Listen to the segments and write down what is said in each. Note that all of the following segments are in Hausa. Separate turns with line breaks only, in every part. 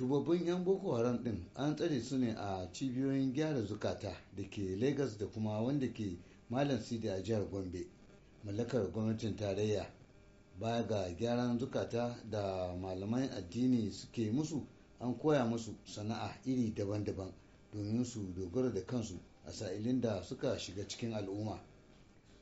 tubabbin 'yan boko haram din an tsare su ne a cibiyoyin gyara zukata da ke lagos da kuma wanda ke malam sidi a jihar gombe mallakar gwamnatin tarayya baya ga gyaran zukata da malaman addini suke musu an koya musu sana'a iri daban-daban domin su dogara da kansu a sa'ilin da suka shiga cikin al'umma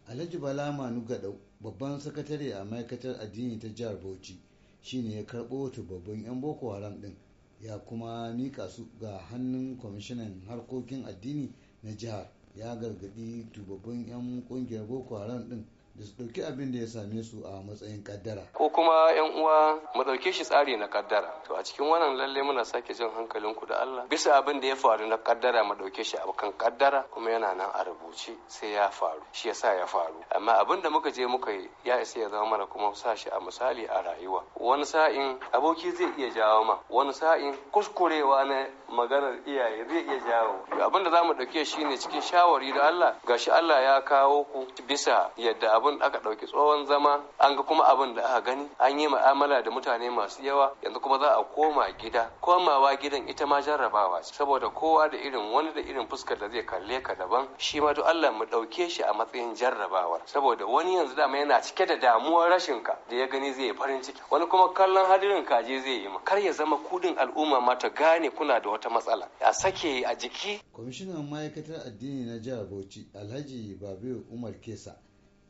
alhaji bala manu gadau babban sakatare a ma'aikatar addini ta jihar bauchi shine ya karɓo tubabbin 'yan boko haram din ya kuma mika su ga hannun kwamishinan harkokin addini na jihar ya gargadi tubabbin 'yan kungiyar boko haram din da su ɗauki abin da ya same su a matsayin kaddara.
Ko kuma 'yan uwa mu ɗauke shi tsari na kaddara. To a cikin wannan lalle muna sake jin hankalin ku da Allah. Bisa abin da ya faru na kaddara mu ɗauke shi a kan kaddara kuma yana nan a rubuce sai ya faru. Shi yasa ya faru. Amma abin da muka je muka yi ya isa ya zama mana kuma sa shi a misali a rayuwa. Wani sa'in aboki zai iya jawo ma. Wani sa'in kuskurewa na maganar iyaye zai iya jawo. Abin da za mu ɗauke shi ne cikin shawari da Allah gashi Allah ya kawo ku bisa yadda abin abin aka ɗauki tsohon zama an ga kuma abin da aka gani an yi ma'amala da mutane masu yawa yanzu kuma za a koma gida komawa gidan ita ma jarrabawa ce saboda kowa da irin wani da irin fuskar da zai kalle ka daban shi ma to Allah mu ɗauke shi a matsayin jarrabawa saboda wani yanzu dama yana cike da damuwar rashin ka da ya gani zai farin ciki wani kuma kallon hadirin kaje zai yi ma kar ya zama kudin al'umma ma ta gane kuna da wata matsala a sake a jiki
kwamishinan ma'aikatar addini na jihar Bauchi Alhaji Babiru Umar Kesa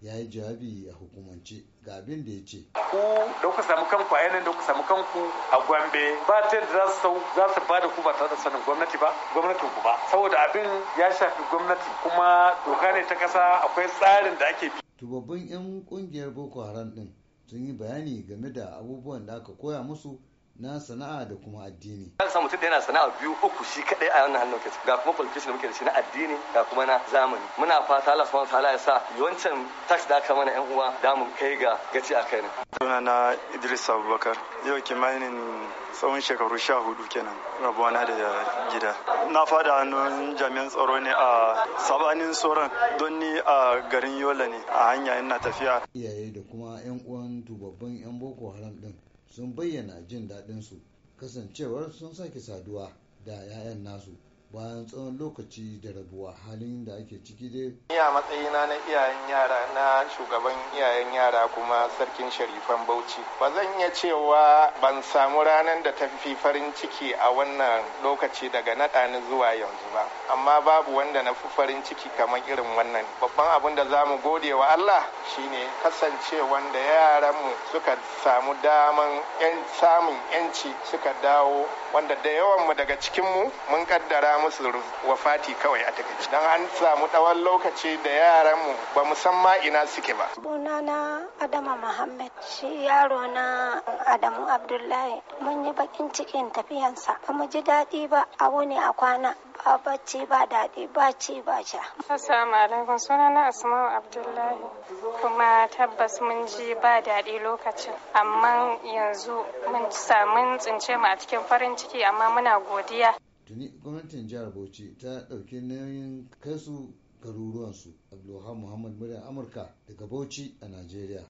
ya yi jawabi a hukumance ga abin da ya
ce. Ku da ku samu kanku a yanayin da ku samu kanku a Gombe ba ta yadda za su ba da ku ba tare da sanin gwamnati ba gwamnatin ku ba saboda abin ya shafi gwamnati
kuma doka ne ta kasa akwai tsarin da ake bi.
Tubabbin 'yan kungiyar Boko Haram din sun yi bayani game da abubuwan da aka koya musu na sana'a da kuma addini.
Kan samu mutum da yana sana'a biyu uku shi kadai a wannan hannun ga kuma politician da muke da shi na addini ga kuma na zamani. Muna fata Allah subhanahu ta'ala ya sa yawancin tax da aka mana yan uwa da mu kai ga
gaci a kai ne. na Idris Abubakar yau kimanin tsawon shekaru sha hudu kenan na da gida. Na fada hannun jami'an tsaro ne a sabanin tsoron don ni a garin Yola ne a hanya ina tafiya. Iyaye da kuma yan uwan dubabban yan Boko Haram din sun bayyana jin daɗinsu kasancewar sun sake saduwa da 'ya'yan nasu bayan tsawon lokaci da rabuwa halin da ake ciki dai.
Ni a matsayina na iyayen yara na shugaban iyayen yara kuma sarkin sharifan Bauchi. Ba zan iya cewa ban samu ranar da ta farin ciki a wannan lokaci daga naɗa ni zuwa yanzu ba. Amma babu wanda na fi farin ciki kamar irin wannan. Babban abin da za mu gode wa Allah shine kasance wanda mu suka samu daman samun 'yanci suka dawo wanda da yawan mu daga cikin mu mun kaddara rubuta musu wafati kawai a takaici don an samu tsawon lokaci da yaran mu ba musamman ina suke ba sunana adama muhammad shi yaro na adamu abdullahi mun yi bakin cikin tafiyansa ba mu ji daɗi ba a wuni a kwana ba bacci ba daɗi ba ci ba sha
assalamu alaikum sunana asma'u abdullahi kuma tabbas mun ji ba daɗi lokacin amma yanzu mun samun tsince mu a cikin farin
ciki amma muna godiya
tuni gwamnatin jihar bauchi ta ɗauki nauyin kai su garuruwansu abdulhamid muhammad murya amurka daga bauchi a najeriya